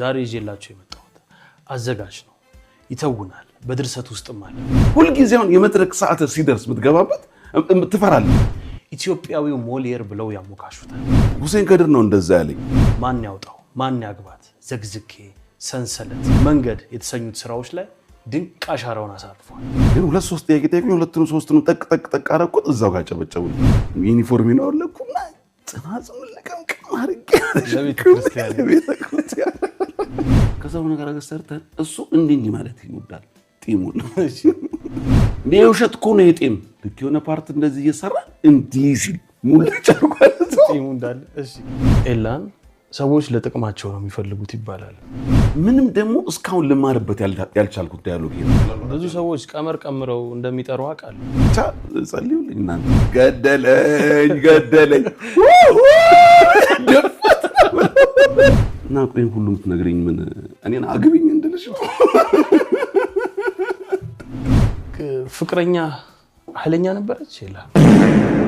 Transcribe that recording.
ዛሬ ይዤላቸው የመጣሁት አዘጋጅ ነው። ይተውናል፣ በድርሰት ውስጥም አለ። ሁልጊዜ አሁን የመድረክ ሰዓት ሲደርስ የምትገባበት ትፈራለህ። ኢትዮጵያዊው ሞሊየር ብለው ያሞካሹታል። ሁሴን ከድር ነው እንደዛ ያለኝ። ማን ያውጣው ማን ያግባት፣ ዘግዝኬ፣ ሰንሰለት፣ መንገድ የተሰኙት ስራዎች ላይ ድንቅ አሻራውን አሳርፏል። ግን ሁለት ሶስት ጥያቄ ጠየቁኝ። ሁለቱን ሶስቱንም ጠቅ ጠቅ ጠቅ አደረኩት። እዛው ጋር ጨበጨቡ። ዩኒፎርም ነው ለኩና ጽናጽም ለቀምቀም አድርጌ ቤተክርስቲያን ከዛ ሆነ ጋር ሰርተን እሱ እንዲኝ ማለት ይወዳል። ጢሙን እኔ የውሸት እኮ ነው የጤም ልክ የሆነ ፓርት እንደዚህ እየሰራ እንዲህ ሲል ሙልጭ አድርጓል ኤላን ሰዎች ለጥቅማቸው ነው የሚፈልጉት ይባላል። ምንም ደግሞ እስካሁን ልማርበት ያልቻልኩት ዳያሎግ ብዙ ሰዎች ቀመር ቀምረው እንደሚጠሩ አውቃለሁ። ብቻ ጸልዩልኝ እናንተ። ገደለኝ ገደለኝ እና ቆይ ሁሉ የምትነግረኝ ምን እኔን አግብኝ እንድልሽ ፍቅረኛ ኃይለኛ ነበረች ይላል።